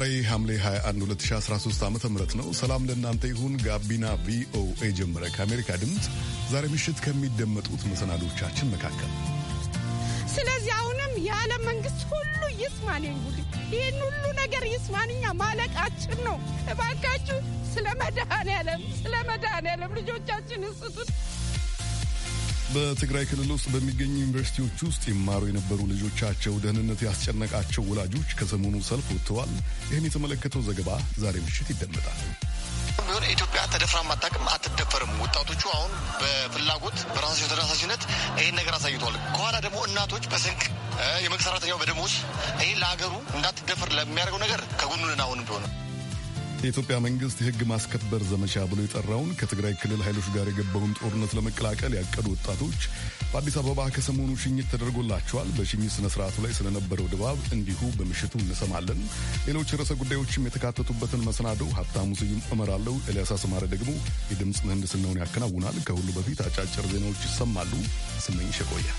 ዛሬ ሐምሌ 21 2013 ዓ ም ነው። ሰላም ለእናንተ ይሁን። ጋቢና ቪኦኤ ጀመረ። ከአሜሪካ ድምፅ ዛሬ ምሽት ከሚደመጡት መሰናዶቻችን መካከል ስለዚህ አሁንም የዓለም መንግስት ሁሉ ይስማን እንግዲህ ይህን ሁሉ ነገር ይስማንኛ ማለቃችን ነው። እባካችሁ ስለ መድኃኔዓለም ስለ መድኃኔዓለም ልጆቻችን እስጡት። በትግራይ ክልል ውስጥ በሚገኙ ዩኒቨርሲቲዎች ውስጥ ይማሩ የነበሩ ልጆቻቸው ደህንነት ያስጨነቃቸው ወላጆች ከሰሞኑ ሰልፍ ወጥተዋል። ይህን የተመለከተው ዘገባ ዛሬ ምሽት ይደመጣል። ቢሆን ኢትዮጵያ ተደፍራም ማታቅም አትደፈርም። ወጣቶቹ አሁን በፍላጎት በራሳቸው ተነሳሽነት ይህን ነገር አሳይተዋል። ከኋላ ደግሞ እናቶች በስንቅ የመንግስት ሰራተኛው በደሞዝ ይህ ለሀገሩ እንዳትደፈር ለሚያደርገው ነገር ከጎኑ አሁንም ቢሆነ የኢትዮጵያ መንግስት የህግ ማስከበር ዘመቻ ብሎ የጠራውን ከትግራይ ክልል ኃይሎች ጋር የገባውን ጦርነት ለመቀላቀል ያቀዱ ወጣቶች በአዲስ አበባ ከሰሞኑ ሽኝት ተደርጎላቸዋል። በሽኝት ስነ ስርዓቱ ላይ ስለነበረው ድባብ እንዲሁ በምሽቱ እንሰማለን። ሌሎች ርዕሰ ጉዳዮችም የተካተቱበትን መሰናዶ ሀብታሙ ስዩም እመራለሁ። ኤልያስ አስማረ ደግሞ የድምፅ ምህንድስናውን ያከናውናል። ከሁሉ በፊት አጫጭር ዜናዎች ይሰማሉ። ስመኝ ሸቆያ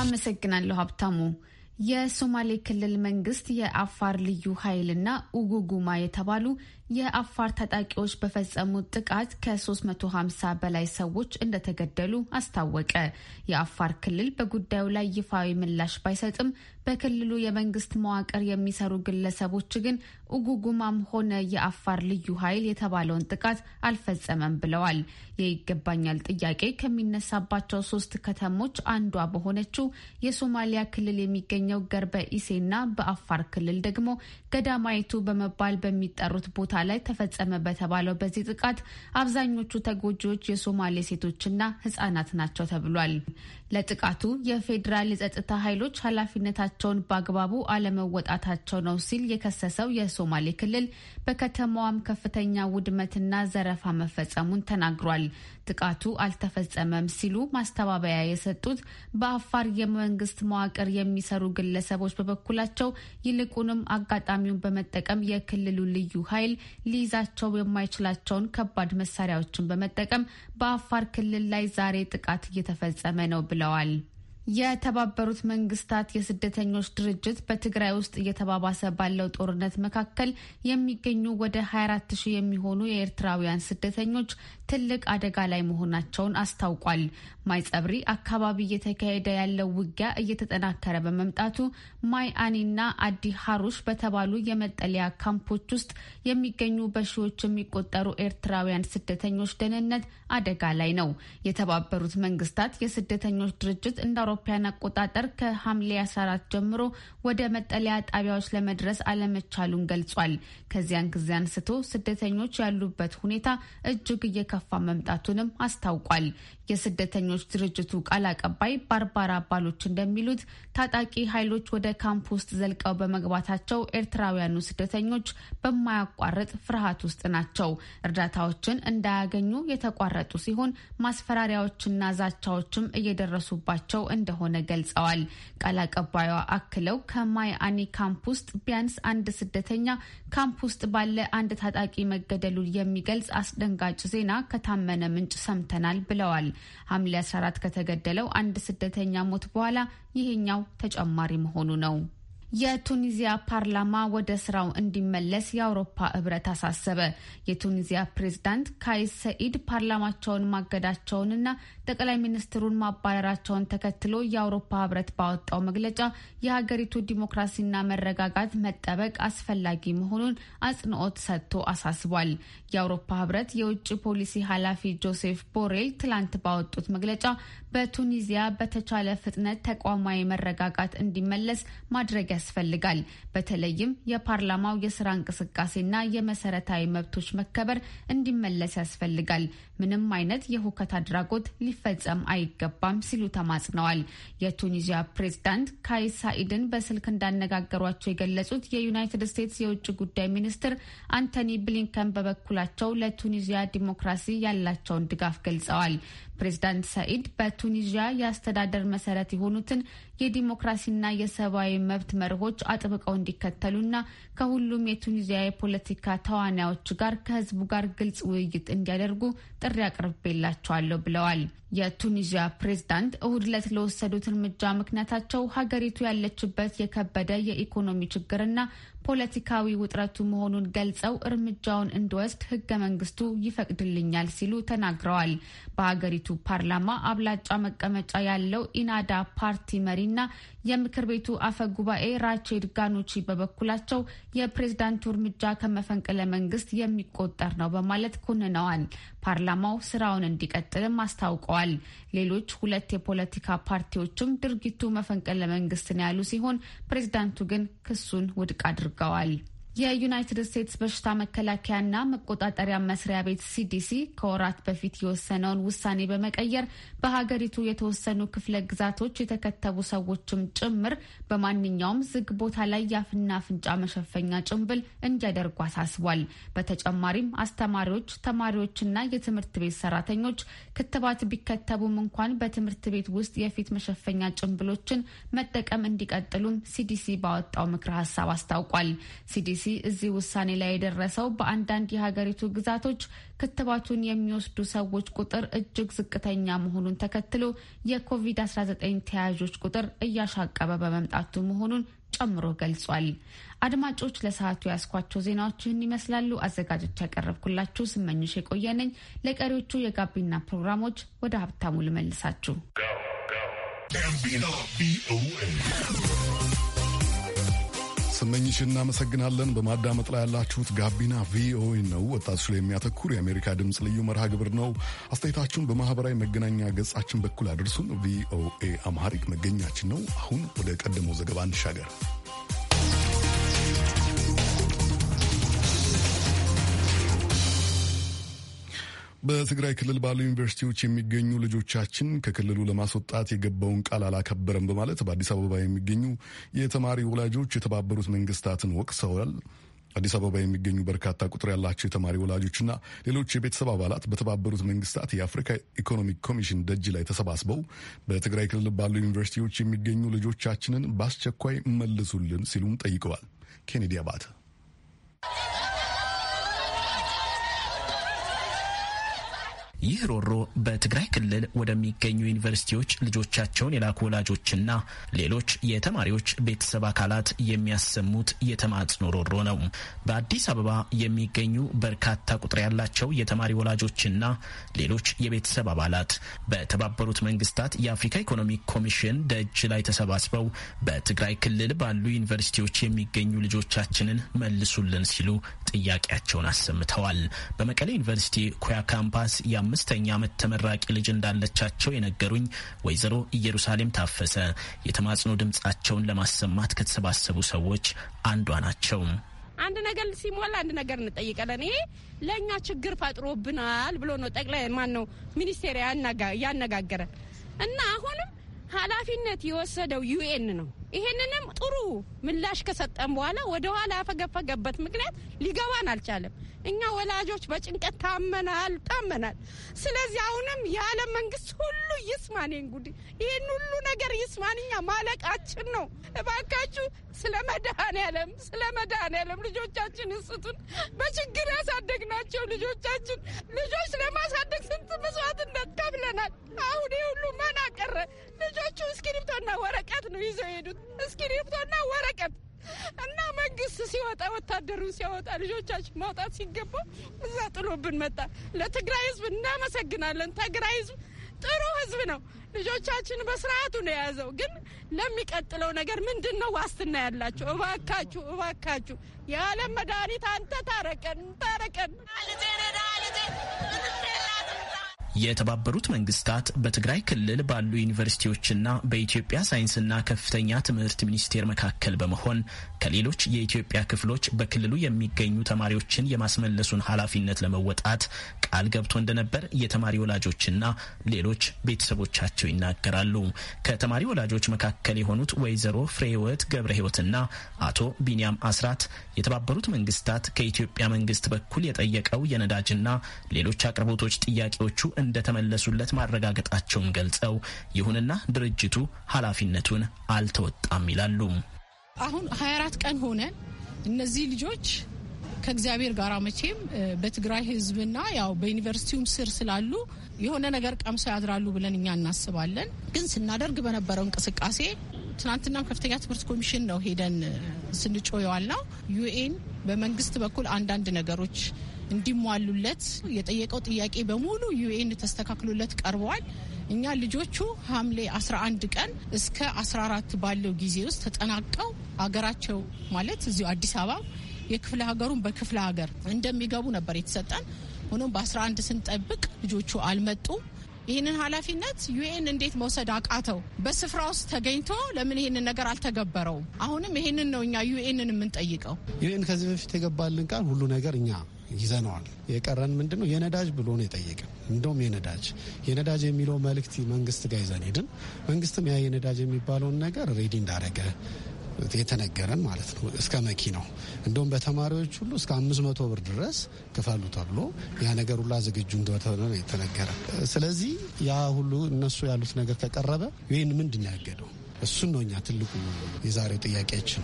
አመሰግናለሁ ሀብታሙ። የሶማሌ ክልል መንግስት የአፋር ልዩ ኃይልና ኡጉጉማ የተባሉ የአፋር ታጣቂዎች በፈጸሙት ጥቃት ከ350 በላይ ሰዎች እንደተገደሉ አስታወቀ። የአፋር ክልል በጉዳዩ ላይ ይፋዊ ምላሽ ባይሰጥም በክልሉ የመንግስት መዋቅር የሚሰሩ ግለሰቦች ግን ኡጉጉማም ሆነ የአፋር ልዩ ኃይል የተባለውን ጥቃት አልፈጸመም ብለዋል። የይገባኛል ጥያቄ ከሚነሳባቸው ሶስት ከተሞች አንዷ በሆነችው የሶማሊያ ክልል የሚገኘው ገርበ ኢሴና በአፋር ክልል ደግሞ ገዳማይቱ በመባል በሚጠሩት ቦታ ቦታ ላይ ተፈጸመ በተባለው በዚህ ጥቃት አብዛኞቹ ተጎጂዎች የሶማሌ ሴቶችና ህጻናት ናቸው ተብሏል። ለጥቃቱ የፌዴራል የጸጥታ ኃይሎች ኃላፊነታቸውን በአግባቡ አለመወጣታቸው ነው ሲል የከሰሰው የሶማሌ ክልል በከተማዋም ከፍተኛ ውድመትና ዘረፋ መፈጸሙን ተናግሯል። ጥቃቱ አልተፈጸመም ሲሉ ማስተባበያ የሰጡት በአፋር የመንግስት መዋቅር የሚሰሩ ግለሰቦች በበኩላቸው ይልቁንም አጋጣሚውን በመጠቀም የክልሉ ልዩ ኃይል ሊይዛቸው የማይችላቸውን ከባድ መሳሪያዎችን በመጠቀም በአፋር ክልል ላይ ዛሬ ጥቃት እየተፈጸመ ነው ብለዋል። የተባበሩት መንግስታት የስደተኞች ድርጅት በትግራይ ውስጥ እየተባባሰ ባለው ጦርነት መካከል የሚገኙ ወደ 24 ሺህ የሚሆኑ የኤርትራውያን ስደተኞች ትልቅ አደጋ ላይ መሆናቸውን አስታውቋል። ማይጸብሪ አካባቢ እየተካሄደ ያለው ውጊያ እየተጠናከረ በመምጣቱ ማይ አኒና አዲ ሀሩሽ በተባሉ የመጠለያ ካምፖች ውስጥ የሚገኙ በሺዎች የሚቆጠሩ ኤርትራውያን ስደተኞች ደህንነት አደጋ ላይ ነው። የተባበሩት መንግስታት የስደተኞች ድርጅት እንዳ አውሮፓውያን አቆጣጠር ከሐምሌ 14 ጀምሮ ወደ መጠለያ ጣቢያዎች ለመድረስ አለመቻሉን ገልጿል። ከዚያን ጊዜ አንስቶ ስደተኞች ያሉበት ሁኔታ እጅግ እየከፋ መምጣቱንም አስታውቋል። የስደተኞች ድርጅቱ ቃል አቀባይ ባርባራ አባሎች እንደሚሉት ታጣቂ ኃይሎች ወደ ካምፕ ውስጥ ዘልቀው በመግባታቸው ኤርትራውያኑ ስደተኞች በማያቋርጥ ፍርሃት ውስጥ ናቸው። እርዳታዎችን እንዳያገኙ የተቋረጡ ሲሆን ማስፈራሪያዎችና ዛቻዎችም እየደረሱባቸው እንደሆነ ገልጸዋል። ቃል አቀባዩ አክለው ከማይ አኒ ካምፕ ውስጥ ቢያንስ አንድ ስደተኛ ካምፕ ውስጥ ባለ አንድ ታጣቂ መገደሉን የሚገልጽ አስደንጋጭ ዜና ከታመነ ምንጭ ሰምተናል ብለዋል። ሐምሌ 14 ከተገደለው አንድ ስደተኛ ሞት በኋላ ይሄኛው ተጨማሪ መሆኑ ነው። የቱኒዚያ ፓርላማ ወደ ስራው እንዲመለስ የአውሮፓ ህብረት አሳሰበ። የቱኒዚያ ፕሬዝዳንት ካይስ ሰኢድ ፓርላማቸውን ማገዳቸውንና ጠቅላይ ሚኒስትሩን ማባረራቸውን ተከትሎ የአውሮፓ ህብረት ባወጣው መግለጫ የሀገሪቱ ዲሞክራሲና መረጋጋት መጠበቅ አስፈላጊ መሆኑን አጽንኦት ሰጥቶ አሳስቧል። የአውሮፓ ህብረት የውጭ ፖሊሲ ኃላፊ ጆሴፍ ቦሬል ትላንት ባወጡት መግለጫ በቱኒዚያ በተቻለ ፍጥነት ተቋማዊ መረጋጋት እንዲመለስ ማድረግ ያስፈልጋል። በተለይም የፓርላማው የስራ እንቅስቃሴና የመሰረታዊ መብቶች መከበር እንዲመለስ ያስፈልጋል። ምንም አይነት የሁከት አድራጎት ሊ ሊፈጸም አይገባም ሲሉ ተማጽነዋል። የቱኒዚያ ፕሬዝዳንት ካይስ ሳኢድን በስልክ እንዳነጋገሯቸው የገለጹት የዩናይትድ ስቴትስ የውጭ ጉዳይ ሚኒስትር አንቶኒ ብሊንከን በበኩላቸው ለቱኒዚያ ዲሞክራሲ ያላቸውን ድጋፍ ገልጸዋል። ፕሬዚዳንት ሰኢድ በቱኒዥያ የአስተዳደር መሰረት የሆኑትን የዲሞክራሲና የሰብአዊ መብት መርሆች አጥብቀው እንዲከተሉና ከሁሉም የቱኒዚያ የፖለቲካ ተዋናዮች ጋር ከህዝቡ ጋር ግልጽ ውይይት እንዲያደርጉ ጥሪ አቅርቤላቸዋለሁ ብለዋል። የቱኒዚያ ፕሬዝዳንት እሁድ ዕለት ለወሰዱት እርምጃ ምክንያታቸው ሀገሪቱ ያለችበት የከበደ የኢኮኖሚ ችግርና ፖለቲካዊ ውጥረቱ መሆኑን ገልጸው እርምጃውን እንድወስድ ህገ መንግስቱ ይፈቅድልኛል ሲሉ ተናግረዋል። በሀገሪቱ ፓርላማ አብላጫ መቀመጫ ያለው ኢናዳ ፓርቲ መሪና የምክር ቤቱ አፈ ጉባኤ ራቼድ ጋኖቺ በበኩላቸው የፕሬዝዳንቱ እርምጃ ከመፈንቅለ መንግስት የሚቆጠር ነው በማለት ኮንነዋል። ፓርላማው ስራውን እንዲቀጥልም አስታውቀዋል። ሌሎች ሁለት የፖለቲካ ፓርቲዎችም ድርጊቱ መፈንቅለ መንግስትን ያሉ ሲሆን ፕሬዝዳንቱ ግን ክሱን ውድቅ አድርገዋል። የዩናይትድ ስቴትስ በሽታ መከላከያና መቆጣጠሪያ መስሪያ ቤት ሲዲሲ ከወራት በፊት የወሰነውን ውሳኔ በመቀየር በሀገሪቱ የተወሰኑ ክፍለ ግዛቶች የተከተቡ ሰዎችም ጭምር በማንኛውም ዝግ ቦታ ላይ የአፍና አፍንጫ መሸፈኛ ጭንብል እንዲያደርጉ አሳስቧል። በተጨማሪም አስተማሪዎች፣ ተማሪዎችና የትምህርት ቤት ሰራተኞች ክትባት ቢከተቡም እንኳን በትምህርት ቤት ውስጥ የፊት መሸፈኛ ጭንብሎችን መጠቀም እንዲቀጥሉም ሲዲሲ ባወጣው ምክረ ሀሳብ አስታውቋል። ሲዲሲ ዲሲ እዚህ ውሳኔ ላይ የደረሰው በአንዳንድ የሀገሪቱ ግዛቶች ክትባቱን የሚወስዱ ሰዎች ቁጥር እጅግ ዝቅተኛ መሆኑን ተከትሎ የኮቪድ-19 ተያያዦች ቁጥር እያሻቀበ በመምጣቱ መሆኑን ጨምሮ ገልጿል። አድማጮች ለሰዓቱ ያስኳቸው ዜናዎች ይህን ይመስላሉ። አዘጋጆች ያቀረብኩላችሁ ስመኝሽ የቆየነኝ። ለቀሪዎቹ የጋቢና ፕሮግራሞች ወደ ሀብታሙ ልመልሳችሁ። ስመኝሽ እናመሰግናለን። በማዳመጥ ላይ ያላችሁት ጋቢና ቪኦኤ ነው። ወጣቶች ላይ የሚያተኩር የአሜሪካ ድምፅ ልዩ መርሃ ግብር ነው። አስተያየታችሁን በማህበራዊ መገናኛ ገጻችን በኩል አድርሱን። ቪኦኤ አማሪክ መገኛችን ነው። አሁን ወደ ቀደመው ዘገባ እንሻገር። በትግራይ ክልል ባሉ ዩኒቨርሲቲዎች የሚገኙ ልጆቻችን ከክልሉ ለማስወጣት የገባውን ቃል አላከበረም በማለት በአዲስ አበባ የሚገኙ የተማሪ ወላጆች የተባበሩት መንግስታትን ወቅሰዋል። አዲስ አበባ የሚገኙ በርካታ ቁጥር ያላቸው የተማሪ ወላጆችና ሌሎች የቤተሰብ አባላት በተባበሩት መንግስታት የአፍሪካ ኢኮኖሚክ ኮሚሽን ደጅ ላይ ተሰባስበው በትግራይ ክልል ባሉ ዩኒቨርሲቲዎች የሚገኙ ልጆቻችንን በአስቸኳይ መልሱልን ሲሉም ጠይቀዋል። ኬኔዲ አባተ ይህ ሮሮ በትግራይ ክልል ወደሚገኙ ዩኒቨርሲቲዎች ልጆቻቸውን የላኩ ወላጆችና ሌሎች የተማሪዎች ቤተሰብ አካላት የሚያሰሙት የተማጽኖ ሮሮ ነው። በአዲስ አበባ የሚገኙ በርካታ ቁጥር ያላቸው የተማሪ ወላጆችና ሌሎች የቤተሰብ አባላት በተባበሩት መንግስታት የአፍሪካ ኢኮኖሚክ ኮሚሽን ደጅ ላይ ተሰባስበው በትግራይ ክልል ባሉ ዩኒቨርሲቲዎች የሚገኙ ልጆቻችንን መልሱልን ሲሉ ጥያቄያቸውን አሰምተዋል። በመቀሌ ዩኒቨርሲቲ ኩያ ካምፓስ አምስተኛ ዓመት ተመራቂ ልጅ እንዳለቻቸው የነገሩኝ ወይዘሮ ኢየሩሳሌም ታፈሰ የተማጽኖ ድምጻቸውን ለማሰማት ከተሰባሰቡ ሰዎች አንዷ ናቸው። አንድ ነገር ሲሞላ አንድ ነገር እንጠይቃለን። ይሄ ለእኛ ችግር ፈጥሮብናል ብሎ ነው ጠቅላይ ማን ነው ሚኒስቴር ያነጋገረ እና አሁንም ኃላፊነት የወሰደው ዩኤን ነው ይሄንንም ጥሩ ምላሽ ከሰጠን በኋላ ወደ ኋላ ያፈገፈገበት ምክንያት ሊገባን አልቻለም። እኛ ወላጆች በጭንቀት ታመናል ታመናል። ስለዚህ አሁንም የዓለም መንግስት ሁሉ ይስማን፣ እንጉዲ ይህን ሁሉ ነገር ይስማን። እኛ ማለቃችን ነው። እባካችሁ ስለ መድኃኔዓለም ስለ መድኃኔዓለም ልጆቻችን እስቱን በችግር ያሳደግናቸው ልጆቻችን ልጆች ለማሳደግ ስንት መስዋዕትነት ከፍለናል። አሁን ይህ ሁሉ መና ቀረ። ልጆቹ እስክሪብቶና ወረቀት ነው ይዘው ሄዱት። እስክሪብቶና ወረቀት እና መንግስት ሲወጣ ወታደሩ ሲያወጣ ልጆቻችን ማውጣት ሲገባ እዛ ጥሎብን መጣ። ለትግራይ ህዝብ እናመሰግናለን። ትግራይ ህዝብ ጥሩ ህዝብ ነው። ልጆቻችን በስርዓቱ ነው የያዘው። ግን ለሚቀጥለው ነገር ምንድን ነው ዋስትና ያላቸው? እባካችሁ እባካችሁ፣ የዓለም መድኃኒት አንተ ታረቀን ታረቀን የተባበሩት መንግስታት በትግራይ ክልል ባሉ ዩኒቨርሲቲዎችና በኢትዮጵያ ሳይንስና ከፍተኛ ትምህርት ሚኒስቴር መካከል በመሆን ከሌሎች የኢትዮጵያ ክፍሎች በክልሉ የሚገኙ ተማሪዎችን የማስመለሱን ኃላፊነት ለመወጣት ቃል ገብቶ እንደነበር የተማሪ ወላጆችና ሌሎች ቤተሰቦቻቸው ይናገራሉ። ከተማሪ ወላጆች መካከል የሆኑት ወይዘሮ ፍሬህይወት ገብረ ህይወትና አቶ ቢንያም አስራት የተባበሩት መንግስታት ከኢትዮጵያ መንግስት በኩል የጠየቀው የነዳጅና ሌሎች አቅርቦቶች ጥያቄዎቹ እንደተመለሱለት ማረጋገጣቸውን ገልጸው ይሁንና ድርጅቱ ኃላፊነቱን አልተወጣም ይላሉ። አሁን 24 ቀን ሆነን እነዚህ ልጆች ከእግዚአብሔር ጋር መቼም በትግራይ ሕዝብና ያው በዩኒቨርሲቲውም ስር ስላሉ የሆነ ነገር ቀምሰው ያድራሉ ብለን እኛ እናስባለን። ግን ስናደርግ በነበረው እንቅስቃሴ ትናንትናም ከፍተኛ ትምህርት ኮሚሽን ነው ሄደን ስንጮ የዋል ነው ዩኤን በመንግስት በኩል አንዳንድ ነገሮች እንዲሟሉለት የጠየቀው ጥያቄ በሙሉ ዩኤን ተስተካክሎለት ቀርበዋል። እኛ ልጆቹ ሐምሌ 11 ቀን እስከ 14 ባለው ጊዜ ውስጥ ተጠናቀው አገራቸው ማለት እዚሁ አዲስ አበባ የክፍለ ሀገሩን በክፍለ ሀገር እንደሚገቡ ነበር የተሰጠን። ሆኖም በ11 ስንጠብቅ ልጆቹ አልመጡም። ይህንን ኃላፊነት ዩኤን እንዴት መውሰድ አቃተው? በስፍራ ውስጥ ተገኝቶ ለምን ይህንን ነገር አልተገበረውም? አሁንም ይህንን ነው እኛ ዩኤንን የምንጠይቀው። ዩኤን ከዚህ በፊት የገባልን ቃል ሁሉ ነገር እኛ ይዘነዋል። የቀረን ምንድን ነው? የነዳጅ ብሎ ነው የጠየቀ። እንደውም የነዳጅ የነዳጅ የሚለው መልእክት መንግስት ጋር ይዘን ሄድን። መንግስትም ያ የነዳጅ የሚባለውን ነገር ሬዲ እንዳረገ የተነገረን ማለት ነው። እስከ መኪናው እንደውም በተማሪዎች ሁሉ እስከ አምስት መቶ ብር ድረስ ክፈሉ ተብሎ ያ ነገር ሁላ ዝግጁ እንደሆነ የተነገረ። ስለዚህ ያ ሁሉ እነሱ ያሉት ነገር ከቀረበ ይህን ምንድን ያገደው እሱን ነው እኛ ትልቁ የዛሬው ጥያቄያችን።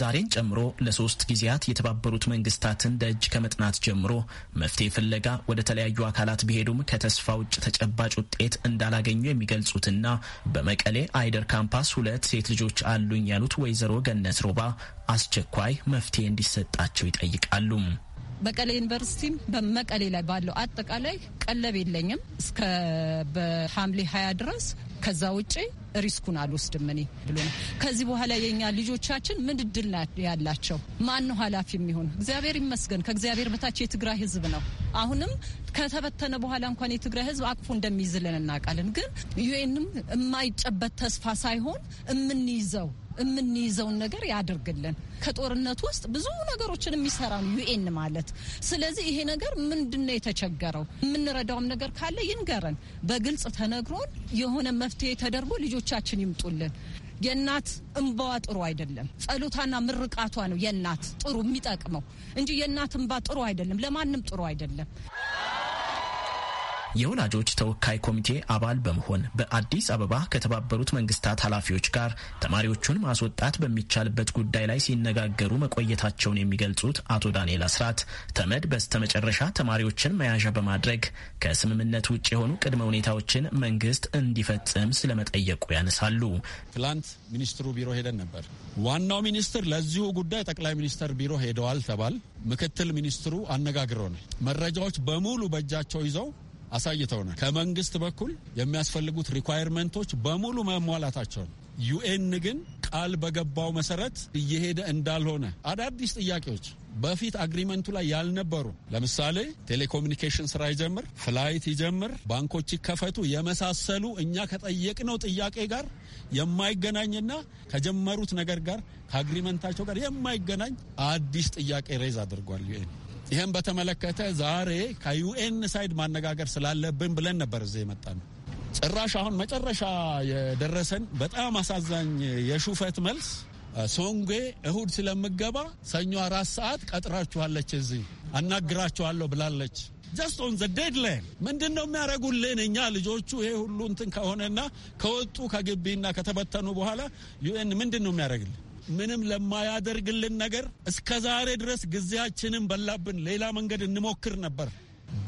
ዛሬን ጨምሮ ለሶስት ጊዜያት የተባበሩት መንግስታትን ደጅ ከመጥናት ጀምሮ መፍትሄ ፍለጋ ወደ ተለያዩ አካላት ቢሄዱም ከተስፋ ውጭ ተጨባጭ ውጤት እንዳላገኙ የሚገልጹትና በመቀሌ አይደር ካምፓስ ሁለት ሴት ልጆች አሉኝ ያሉት ወይዘሮ ገነት ሮባ አስቸኳይ መፍትሄ እንዲሰጣቸው ይጠይቃሉ። በመቀሌ ዩኒቨርሲቲም በመቀሌ ላይ ባለው አጠቃላይ ቀለብ የለኝም እስከ በሐምሌ ሀያ ድረስ ከዛ ውጪ ሪስኩን አልወስድም እኔ ብሎ ነው። ከዚህ በኋላ የኛ ልጆቻችን ምን እድል ያላቸው ማን ነው ኃላፊ የሚሆን? እግዚአብሔር ይመስገን ከእግዚአብሔር በታች የትግራይ ህዝብ ነው። አሁንም ከተበተነ በኋላ እንኳን የትግራይ ህዝብ አቅፎ እንደሚይዝልን እናውቃለን። ግን ዩኤንም የማይጨበት ተስፋ ሳይሆን የምንይዘው የምንይዘውን ነገር ያደርግልን። ከጦርነት ውስጥ ብዙ ነገሮችን የሚሰራ ነው ዩኤን ማለት። ስለዚህ ይሄ ነገር ምንድነው የተቸገረው? የምንረዳውም ነገር ካለ ይንገረን፣ በግልጽ ተነግሮን የሆነ መፍትሄ ተደርጎ ልጆ ልጆቻችን ይምጡልን። የእናት እንባዋ ጥሩ አይደለም። ጸሎታና ምርቃቷ ነው የእናት ጥሩ የሚጠቅመው እንጂ የእናት እንባ ጥሩ አይደለም፣ ለማንም ጥሩ አይደለም። የወላጆች ተወካይ ኮሚቴ አባል በመሆን በአዲስ አበባ ከተባበሩት መንግስታት ኃላፊዎች ጋር ተማሪዎቹን ማስወጣት በሚቻልበት ጉዳይ ላይ ሲነጋገሩ መቆየታቸውን የሚገልጹት አቶ ዳንኤል አስራት ተመድ በስተመጨረሻ ተማሪዎችን መያዣ በማድረግ ከስምምነት ውጭ የሆኑ ቅድመ ሁኔታዎችን መንግስት እንዲፈጽም ስለመጠየቁ ያነሳሉ። ትላንት ሚኒስትሩ ቢሮ ሄደን ነበር። ዋናው ሚኒስትር ለዚሁ ጉዳይ ጠቅላይ ሚኒስተር ቢሮ ሄደዋል ተባል። ምክትል ሚኒስትሩ ነ መረጃዎች በሙሉ በእጃቸው ይዘው አሳይተውናል። ከመንግስት በኩል የሚያስፈልጉት ሪኳየርመንቶች በሙሉ ነው። ዩኤን ግን ቃል በገባው መሰረት እየሄደ እንዳልሆነ አዳዲስ ጥያቄዎች በፊት አግሪመንቱ ላይ ያልነበሩ ለምሳሌ ቴሌኮሙኒኬሽን ስራ ይጀምር፣ ፍላይት ይጀምር፣ ባንኮች ይከፈቱ የመሳሰሉ እኛ ከጠየቅነው ጥያቄ ጋር የማይገናኝና ከጀመሩት ነገር ጋር ከአግሪመንታቸው ጋር የማይገናኝ አዲስ ጥያቄ ሬዝ አድርጓል ዩኤን። ይህም በተመለከተ ዛሬ ከዩኤን ሳይድ ማነጋገር ስላለብን ብለን ነበር እዚህ የመጣ ነው። ጭራሽ አሁን መጨረሻ የደረሰን በጣም አሳዛኝ የሹፈት መልስ ሶንጌ እሁድ ስለምገባ ሰኞ አራት ሰዓት ቀጥራችኋለች፣ እዚህ አናግራችኋለሁ ብላለች። ጀስት ኦን ዘ ምንድን ነው የሚያደርጉልን? እኛ ልጆቹ ይሄ ሁሉ እንትን ከሆነና ከወጡ ከግቢና ከተበተኑ በኋላ ዩኤን ምንድን ነው የሚያደርግልን? ምንም ለማያደርግልን ነገር እስከ ዛሬ ድረስ ጊዜያችንን በላብን። ሌላ መንገድ እንሞክር ነበር።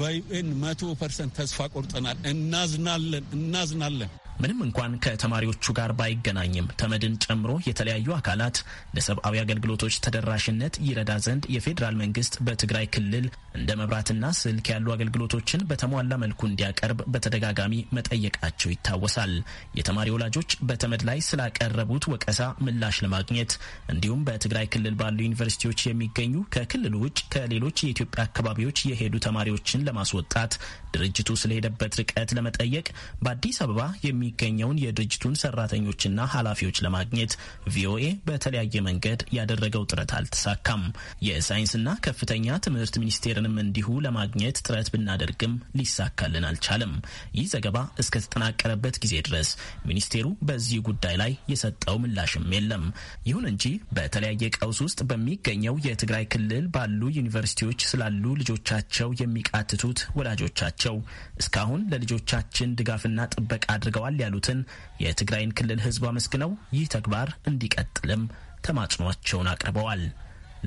በዩኤን መቶ ፐርሰንት ተስፋ ቆርጠናል። እናዝናለን እናዝናለን። ምንም እንኳን ከተማሪዎቹ ጋር ባይገናኝም ተመድን ጨምሮ የተለያዩ አካላት ለሰብአዊ አገልግሎቶች ተደራሽነት ይረዳ ዘንድ የፌዴራል መንግስት በትግራይ ክልል እንደ መብራትና ስልክ ያሉ አገልግሎቶችን በተሟላ መልኩ እንዲያቀርብ በተደጋጋሚ መጠየቃቸው ይታወሳል። የተማሪ ወላጆች በተመድ ላይ ስላቀረቡት ወቀሳ ምላሽ ለማግኘት እንዲሁም በትግራይ ክልል ባሉ ዩኒቨርሲቲዎች የሚገኙ ከክልሉ ውጭ ከሌሎች የኢትዮጵያ አካባቢዎች የሄዱ ተማሪዎችን ለማስወጣት ድርጅቱ ስለሄደበት ርቀት ለመጠየቅ በአዲስ አበባ የሚ የሚገኘውን የድርጅቱን ሰራተኞችና ኃላፊዎች ለማግኘት ቪኦኤ በተለያየ መንገድ ያደረገው ጥረት አልተሳካም። የሳይንስና ከፍተኛ ትምህርት ሚኒስቴርንም እንዲሁ ለማግኘት ጥረት ብናደርግም ሊሳካልን አልቻለም። ይህ ዘገባ እስከተጠናቀረበት ጊዜ ድረስ ሚኒስቴሩ በዚህ ጉዳይ ላይ የሰጠው ምላሽም የለም። ይሁን እንጂ በተለያየ ቀውስ ውስጥ በሚገኘው የትግራይ ክልል ባሉ ዩኒቨርሲቲዎች ስላሉ ልጆቻቸው የሚቃትቱት ወላጆቻቸው እስካሁን ለልጆቻችን ድጋፍና ጥበቃ አድርገዋል ያሉትን የትግራይን ክልል ህዝብ አመስግነው ይህ ተግባር እንዲቀጥልም ተማጽኗቸውን አቅርበዋል።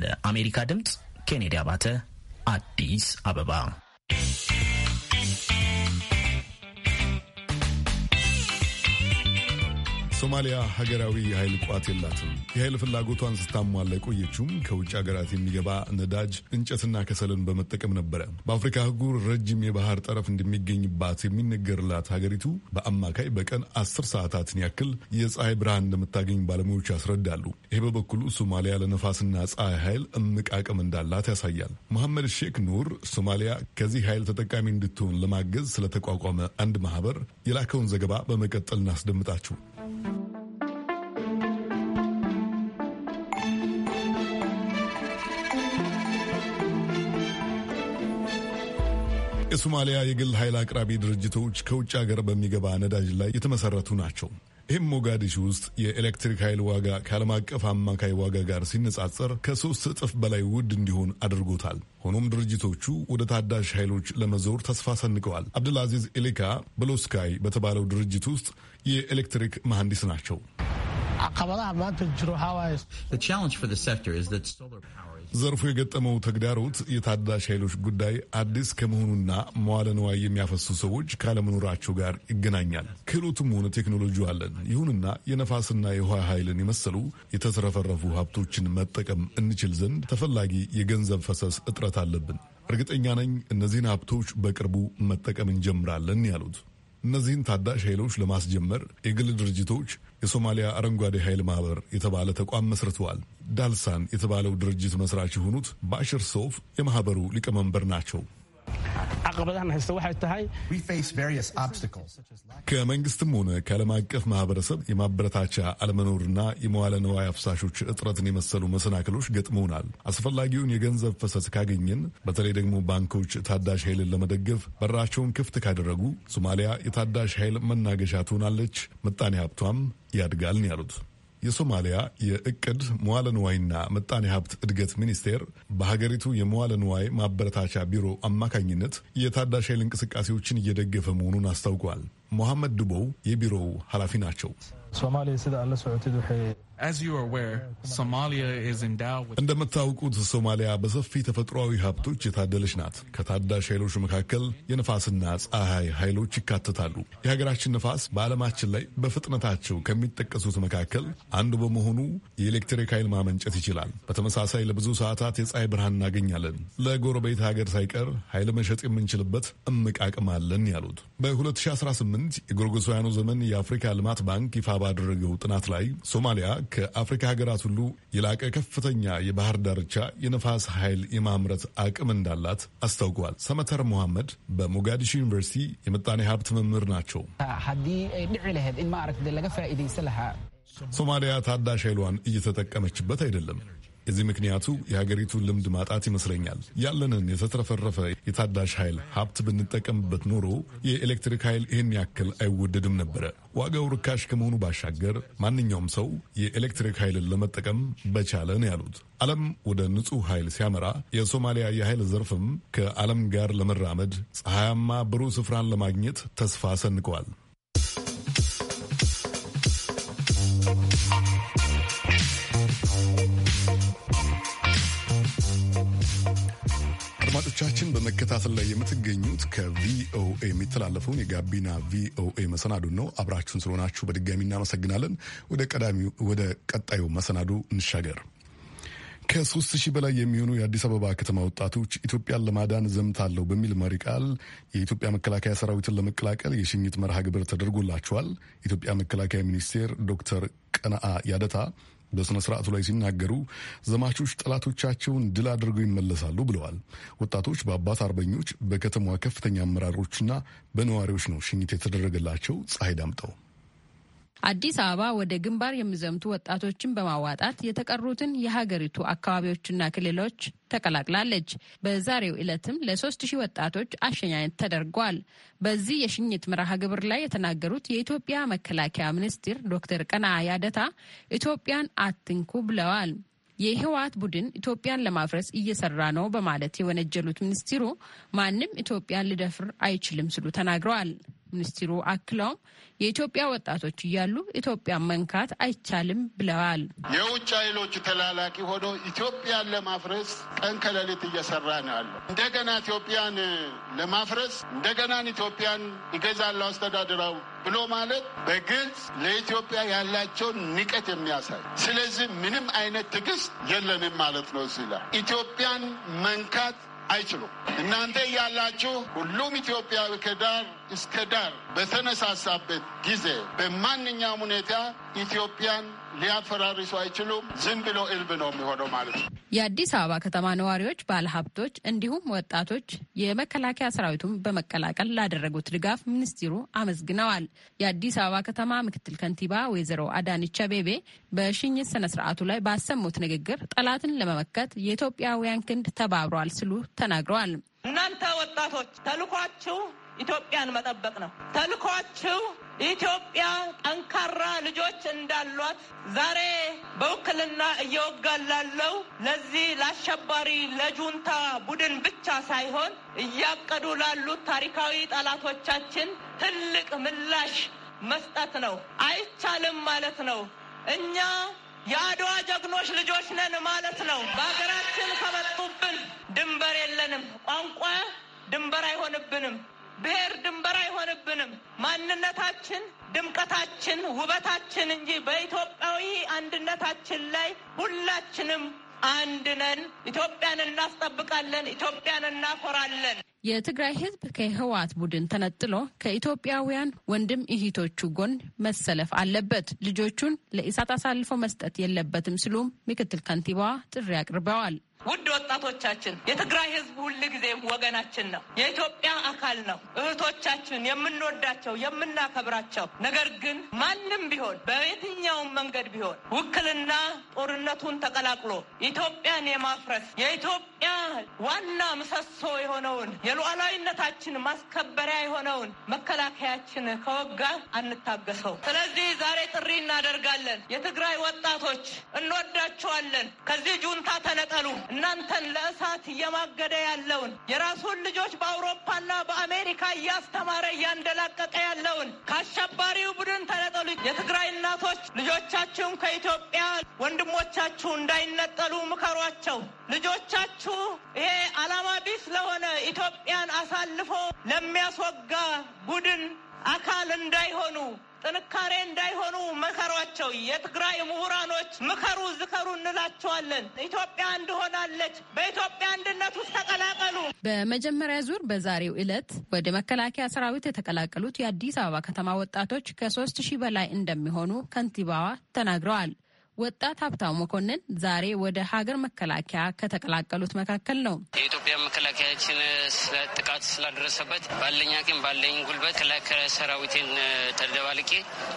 ለአሜሪካ ድምፅ ኬኔዲ አባተ አዲስ አበባ ሶማሊያ ሀገራዊ የኃይል ቋት የላትም። የኃይል ፍላጎቷን ስታሟላ የቆየችውም ከውጭ ሀገራት የሚገባ ነዳጅ፣ እንጨትና ከሰልን በመጠቀም ነበረ። በአፍሪካ አህጉር ረጅም የባህር ጠረፍ እንደሚገኝባት የሚነገርላት ሀገሪቱ በአማካይ በቀን አስር ሰዓታትን ያክል የፀሐይ ብርሃን እንደምታገኝ ባለሙያዎች ያስረዳሉ። ይህ በበኩሉ ሶማሊያ ለነፋስና ፀሐይ ኃይል እምቅ አቅም እንዳላት ያሳያል። መሐመድ ሼክ ኑር ሶማሊያ ከዚህ ኃይል ተጠቃሚ እንድትሆን ለማገዝ ስለተቋቋመ አንድ ማህበር የላከውን ዘገባ በመቀጠል እናስደምጣችሁ። የሶማሊያ የግል ኃይል አቅራቢ ድርጅቶች ከውጭ ሀገር በሚገባ ነዳጅ ላይ የተመሰረቱ ናቸው። ይህም ሞጋዲሽ ውስጥ የኤሌክትሪክ ኃይል ዋጋ ከዓለም አቀፍ አማካይ ዋጋ ጋር ሲነጻጸር ከሶስት እጥፍ በላይ ውድ እንዲሆን አድርጎታል። ሆኖም ድርጅቶቹ ወደ ታዳሽ ኃይሎች ለመዞር ተስፋ ሰንቀዋል። አብድልአዚዝ ኤሌካ ብሎስካይ በተባለው ድርጅት ውስጥ የኤሌክትሪክ መሐንዲስ ናቸው። ዘርፉ የገጠመው ተግዳሮት የታዳሽ ኃይሎች ጉዳይ አዲስ ከመሆኑና መዋለ ንዋይ የሚያፈሱ ሰዎች ካለመኖራቸው ጋር ይገናኛል። ክህሎቱም ሆነ ቴክኖሎጂ አለን። ይሁንና የነፋስና የውሃ ኃይልን የመሰሉ የተትረፈረፉ ሀብቶችን መጠቀም እንችል ዘንድ ተፈላጊ የገንዘብ ፈሰስ እጥረት አለብን። እርግጠኛ ነኝ እነዚህን ሀብቶች በቅርቡ መጠቀም እንጀምራለን ያሉት እነዚህን ታዳሽ ኃይሎች ለማስጀመር የግል ድርጅቶች የሶማሊያ አረንጓዴ ኃይል ማህበር የተባለ ተቋም መስርተዋል። ዳልሳን የተባለው ድርጅት መስራች የሆኑት በአሽር ሶፍ የማህበሩ ሊቀመንበር ናቸው። haysta waxay tahay ከመንግስትም ሆነ ከዓለም አቀፍ ማህበረሰብ የማበረታቻ አለመኖርና የመዋለ ነዋይ አፍሳሾች እጥረትን የመሰሉ መሰናክሎች ገጥመውናል። አስፈላጊውን የገንዘብ ፈሰስ ካገኘን፣ በተለይ ደግሞ ባንኮች ታዳሽ ኃይልን ለመደገፍ በራቸውን ክፍት ካደረጉ ሶማሊያ የታዳሽ ኃይል መናገሻ ትሆናለች፣ ምጣኔ ሀብቷም ያድጋልን ያሉት የሶማሊያ የእቅድ መዋለንዋይና ምጣኔ ሀብት እድገት ሚኒስቴር በሀገሪቱ የመዋለንዋይ ማበረታቻ ቢሮ አማካኝነት የታዳሽ ኃይል እንቅስቃሴዎችን እየደገፈ መሆኑን አስታውቋል። ሞሐመድ ዱቦው የቢሮው ኃላፊ ናቸው። እንደምታውቁት ሶማሊያ በሰፊ ተፈጥሯዊ ሀብቶች የታደለች ናት። ከታዳሽ ኃይሎች መካከል የነፋስና ፀሐይ ኃይሎች ይካተታሉ። የሀገራችን ነፋስ በዓለማችን ላይ በፍጥነታቸው ከሚጠቀሱት መካከል አንዱ በመሆኑ የኤሌክትሪክ ኃይል ማመንጨት ይችላል። በተመሳሳይ ለብዙ ሰዓታት የፀሐይ ብርሃን እናገኛለን። ለጎረቤት ሀገር ሳይቀር ኃይል መሸጥ የምንችልበት እምቅ አቅም አለን ያሉት በ2018 የጎርጎሳውያኑ ዘመን የአፍሪካ ልማት ባንክ ይፋ ባደረገው ጥናት ላይ ሶማሊያ ከአፍሪካ ሀገራት ሁሉ የላቀ ከፍተኛ የባህር ዳርቻ የነፋስ ኃይል የማምረት አቅም እንዳላት አስታውቋል። ሰመተር መሐመድ በሞጋዲሽ ዩኒቨርሲቲ የምጣኔ ሀብት መምህር ናቸው። ሶማሊያ ታዳሽ ኃይሏን እየተጠቀመችበት አይደለም። የዚህ ምክንያቱ የሀገሪቱን ልምድ ማጣት ይመስለኛል። ያለንን የተትረፈረፈ የታዳሽ ኃይል ሀብት ብንጠቀምበት ኖሮ የኤሌክትሪክ ኃይል ይህን ያክል አይወደድም ነበረ። ዋጋው ርካሽ ከመሆኑ ባሻገር ማንኛውም ሰው የኤሌክትሪክ ኃይልን ለመጠቀም በቻለ ያሉት። ዓለም ወደ ንጹህ ኃይል ሲያመራ የሶማሊያ የኃይል ዘርፍም ከዓለም ጋር ለመራመድ ፀሐያማ ብሩህ ስፍራን ለማግኘት ተስፋ ሰንቀዋል። በመከታተል ላይ የምትገኙት ከቪኦኤ የሚተላለፈውን የጋቢና ቪኦኤ መሰናዱን ነው። አብራችሁን ስለሆናችሁ በድጋሚ እናመሰግናለን። ወደ ቀዳሚው ወደ ቀጣዩ መሰናዱ እንሻገር። ከሶስት ሺህ በላይ የሚሆኑ የአዲስ አበባ ከተማ ወጣቶች ኢትዮጵያን ለማዳን ዘምታለሁ በሚል መሪ ቃል የኢትዮጵያ መከላከያ ሰራዊትን ለመቀላቀል የሽኝት መርሃ ግብር ተደርጎላቸዋል። ኢትዮጵያ መከላከያ ሚኒስቴር ዶክተር ቀነአ ያደታ በሥነ ሥርዓቱ ላይ ሲናገሩ ዘማቾች ጠላቶቻቸውን ድል አድርገው ይመለሳሉ ብለዋል። ወጣቶች በአባት አርበኞች፣ በከተማዋ ከፍተኛ አመራሮችና በነዋሪዎች ነው ሽኝት የተደረገላቸው። ፀሐይ ዳምጠው አዲስ አበባ ወደ ግንባር የሚዘምቱ ወጣቶችን በማዋጣት የተቀሩትን የሀገሪቱ አካባቢዎችና ክልሎች ተቀላቅላለች። በዛሬው ዕለትም ለሶስት ሺህ ወጣቶች አሸኛኘት ተደርጓል። በዚህ የሽኝት መርሃ ግብር ላይ የተናገሩት የኢትዮጵያ መከላከያ ሚኒስትር ዶክተር ቀነዓ ያደታ ኢትዮጵያን አትንኩ ብለዋል። የህወሓት ቡድን ኢትዮጵያን ለማፍረስ እየሰራ ነው በማለት የወነጀሉት ሚኒስትሩ ማንም ኢትዮጵያን ሊደፍር አይችልም ሲሉ ተናግረዋል። ሚኒስትሩ አክለውም የኢትዮጵያ ወጣቶች እያሉ ኢትዮጵያ መንካት አይቻልም ብለዋል። የውጭ ኃይሎች ተላላቂ ሆኖ ኢትዮጵያን ለማፍረስ ቀን ከሌሊት እየሰራ ነው ያለ እንደገና ኢትዮጵያን ለማፍረስ እንደገናን ኢትዮጵያን ይገዛለው አስተዳድረው ብሎ ማለት በግልጽ ለኢትዮጵያ ያላቸውን ንቀት የሚያሳይ ስለዚህ ምንም አይነት ትዕግስት የለንም ማለት ነው ሲላ ኢትዮጵያን መንካት አይችሉም። እናንተ እያላችሁ ሁሉም ኢትዮጵያዊ ከዳር እስከ ዳር በተነሳሳበት ጊዜ በማንኛውም ሁኔታ ኢትዮጵያን ሊያፈራርሱ አይችሉም። ዝም ብሎ እልብ ነው የሚሆነው ማለት ነው። የአዲስ አበባ ከተማ ነዋሪዎች፣ ባለሀብቶች እንዲሁም ወጣቶች የመከላከያ ሰራዊቱን በመቀላቀል ላደረጉት ድጋፍ ሚኒስትሩ አመስግነዋል። የአዲስ አበባ ከተማ ምክትል ከንቲባ ወይዘሮ አዳነች አቤቤ በሽኝት ስነ ስርዓቱ ላይ ባሰሙት ንግግር ጠላትን ለመመከት የኢትዮጵያውያን ክንድ ተባብሯል ሲሉ ተናግረዋል። እናንተ ወጣቶች ተልኳችሁ ኢትዮጵያን መጠበቅ ነው። ተልኳችሁ ኢትዮጵያ ጠንካራ ልጆች እንዳሏት ዛሬ በውክልና እየወጋን ላለው ለዚህ ለአሸባሪ ለጁንታ ቡድን ብቻ ሳይሆን እያቀዱ ላሉት ታሪካዊ ጠላቶቻችን ትልቅ ምላሽ መስጠት ነው። አይቻልም ማለት ነው። እኛ የአድዋ ጀግኖች ልጆች ነን ማለት ነው። በሀገራችን ከመጡብን ድንበር የለንም። ቋንቋ ድንበር አይሆንብንም። ብሔር ድንበር አይሆንብንም። ማንነታችን፣ ድምቀታችን፣ ውበታችን እንጂ በኢትዮጵያዊ አንድነታችን ላይ ሁላችንም አንድ ነን። ኢትዮጵያን እናስጠብቃለን። ኢትዮጵያን እናኮራለን። የትግራይ ሕዝብ ከህወሓት ቡድን ተነጥሎ ከኢትዮጵያውያን ወንድም እህቶቹ ጎን መሰለፍ አለበት፣ ልጆቹን ለእሳት አሳልፎ መስጠት የለበትም ሲሉም ምክትል ከንቲባዋ ጥሪ አቅርበዋል። ውድ ወጣቶቻችን፣ የትግራይ ህዝብ ሁል ጊዜ ወገናችን ነው፣ የኢትዮጵያ አካል ነው። እህቶቻችን የምንወዳቸው የምናከብራቸው፣ ነገር ግን ማንም ቢሆን በየትኛውም መንገድ ቢሆን ውክልና ጦርነቱን ተቀላቅሎ ኢትዮጵያን የማፍረስ የኢትዮጵያ ዋና ምሰሶ የሆነውን የሉዓላዊነታችን ማስከበሪያ የሆነውን መከላከያችን ከወጋ አንታገሰው። ስለዚህ ዛሬ ጥሪ እናደርጋለን። የትግራይ ወጣቶች እንወዳቸዋለን ከዚህ ጁንታ ተነጠሉ። እናንተን ለእሳት እየማገደ ያለውን የራሱን ልጆች በአውሮፓና በአሜሪካ እያስተማረ እያንደላቀቀ ያለውን ከአሸባሪው ቡድን ተነጠሉ። የትግራይ እናቶች ልጆቻችሁን ከኢትዮጵያ ወንድሞቻችሁ እንዳይነጠሉ ምከሯቸው። ልጆቻችሁ ይሄ አላማ ቢስ ለሆነ ኢትዮጵያን አሳልፎ ለሚያስወጋ ቡድን አካል እንዳይሆኑ ጥንካሬ እንዳይሆኑ መከሯቸው። የትግራይ ምሁራኖች ምከሩ፣ ዝከሩ እንላቸዋለን። ኢትዮጵያ እንድሆናለች በኢትዮጵያ አንድነት ውስጥ ተቀላቀሉ። በመጀመሪያ ዙር በዛሬው ዕለት ወደ መከላከያ ሰራዊት የተቀላቀሉት የአዲስ አበባ ከተማ ወጣቶች ከሶስት ሺህ በላይ እንደሚሆኑ ከንቲባዋ ተናግረዋል። ወጣት ሀብታው መኮንን ዛሬ ወደ ሀገር መከላከያ ከተቀላቀሉት መካከል ነው። የኢትዮጵያ መከላከያችን ጥቃት ስላደረሰበት ባለኝ አቅም ባለኝ ጉልበት መከላከያ ሰራዊቴን ተደባልቄ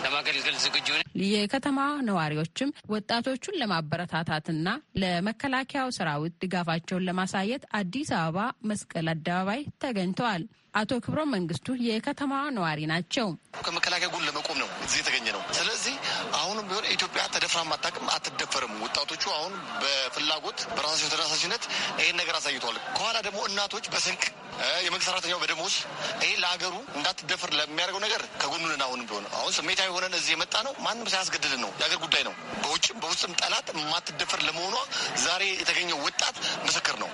ለማገልገል ዝግጁ ነ የከተማ ነዋሪዎችም ወጣቶቹን ለማበረታታትና ለመከላከያው ሰራዊት ድጋፋቸውን ለማሳየት አዲስ አበባ መስቀል አደባባይ ተገኝተዋል። አቶ ክብሮም መንግስቱ የከተማዋ ነዋሪ ናቸው። ከመከላከያ ጎን ለመቆም ነው እዚህ የተገኘ ነው። ስለዚህ አሁንም ቢሆን ኢትዮጵያ ተደፍራ አታውቅም፣ አትደፈርም። ወጣቶቹ አሁን በፍላጎት በራሳቸው ተነሳሽነት ይህን ነገር አሳይተዋል። ከኋላ ደግሞ እናቶች በስንቅ የመንግስት ሰራተኛው በደሞዝ ይህ ለሀገሩ እንዳትደፈር ለሚያደርገው ነገር ከጎኑ ነን። አሁንም ቢሆን አሁን ስሜታዊ ሆነን እዚህ የመጣ ነው። ማንም ሳያስገድልን ነው። የሀገር ጉዳይ ነው። በውጭም በውስጥም ጠላት የማትደፈር ለመሆኗ ዛሬ የተገኘው ወጣት ምስክር ነው።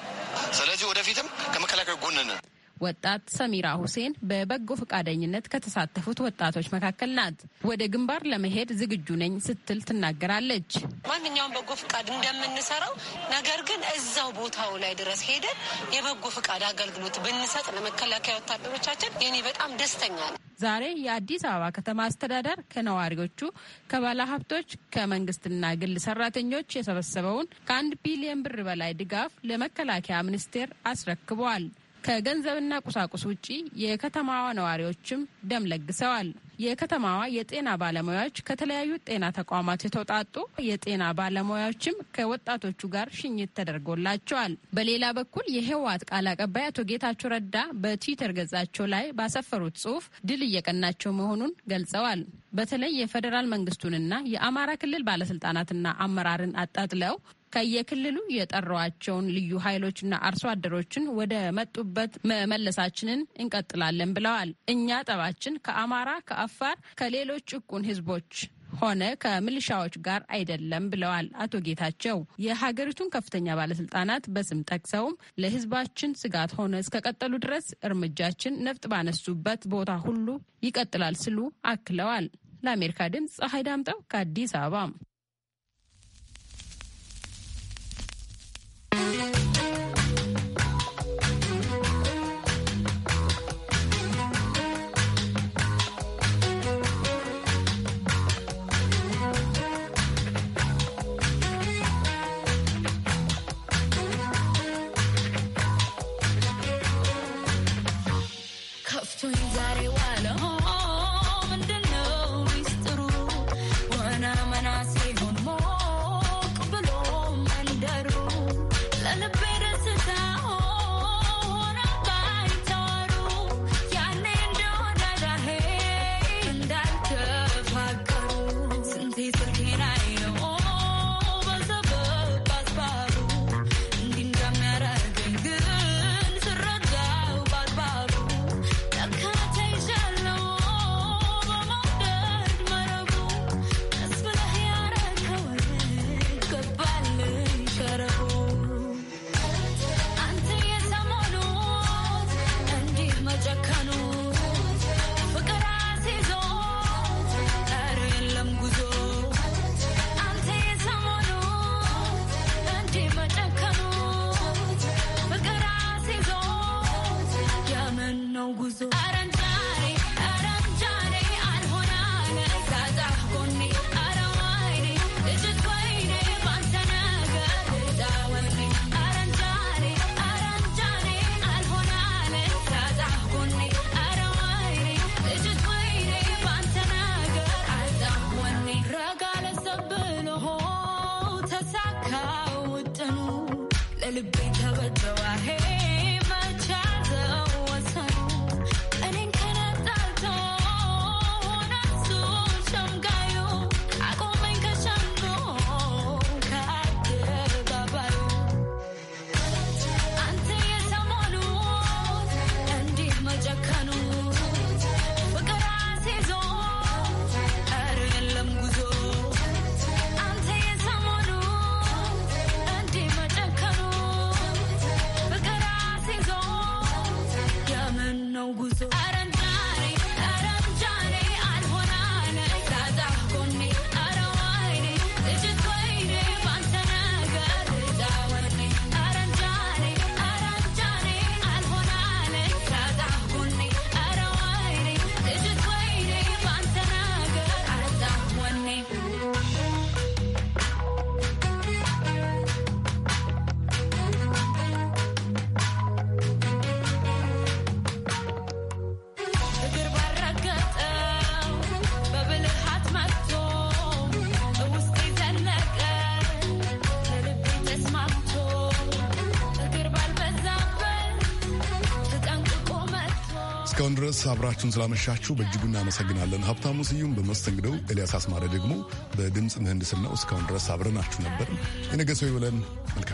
ስለዚህ ወደፊትም ከመከላከያ ጎን ነን። ወጣት ሰሚራ ሁሴን በበጎ ፈቃደኝነት ከተሳተፉት ወጣቶች መካከል ናት። ወደ ግንባር ለመሄድ ዝግጁ ነኝ ስትል ትናገራለች። ማንኛውም በጎ ፈቃድ እንደምንሰራው ነገር ግን እዛው ቦታው ላይ ድረስ ሄደን የበጎ ፈቃድ አገልግሎት ብንሰጥ ለመከላከያ ወታደሮቻችን የኔ በጣም ደስተኛ ነው። ዛሬ የአዲስ አበባ ከተማ አስተዳደር ከነዋሪዎቹ፣ ከባለሀብቶች፣ ከመንግስትና ግል ሰራተኞች የሰበሰበውን ከአንድ ቢሊዮን ብር በላይ ድጋፍ ለመከላከያ ሚኒስቴር አስረክበዋል። ከገንዘብና ቁሳቁስ ውጪ የከተማዋ ነዋሪዎችም ደም ለግሰዋል። የከተማዋ የጤና ባለሙያዎች ከተለያዩ ጤና ተቋማት የተውጣጡ የጤና ባለሙያዎችም ከወጣቶቹ ጋር ሽኝት ተደርጎላቸዋል። በሌላ በኩል የህወሓት ቃል አቀባይ አቶ ጌታቸው ረዳ በትዊተር ገጻቸው ላይ ባሰፈሩት ጽሁፍ ድል እየቀናቸው መሆኑን ገልጸዋል። በተለይ የፌዴራል መንግስቱንና የአማራ ክልል ባለስልጣናትና አመራርን አጣጥለው ከየክልሉ የጠሯቸውን ልዩ ኃይሎችና አርሶ አደሮችን ወደ መጡበት መመለሳችንን እንቀጥላለን ብለዋል። እኛ ጠባችን ከአማራ፣ ከአፋር፣ ከሌሎች ጭቁን ህዝቦች ሆነ ከምልሻዎች ጋር አይደለም ብለዋል አቶ ጌታቸው። የሀገሪቱን ከፍተኛ ባለስልጣናት በስም ጠቅሰውም ለህዝባችን ስጋት ሆነ እስከቀጠሉ ድረስ እርምጃችን ነፍጥ ባነሱበት ቦታ ሁሉ ይቀጥላል ሲሉ አክለዋል። ለአሜሪካ ድምፅ ፀሐይ ዳምጠው ከአዲስ አበባ celebrate our joy. Hey. አብራችሁን ስላመሻችሁ በእጅጉ እናመሰግናለን። ሀብታሙ ስዩም በመስተንግደው፣ ኤልያስ አስማረ ደግሞ በድምፅ ምህንድስናው እስካሁን ድረስ አብረናችሁ ነበር። የነገ ሰው ይበለን። መልካም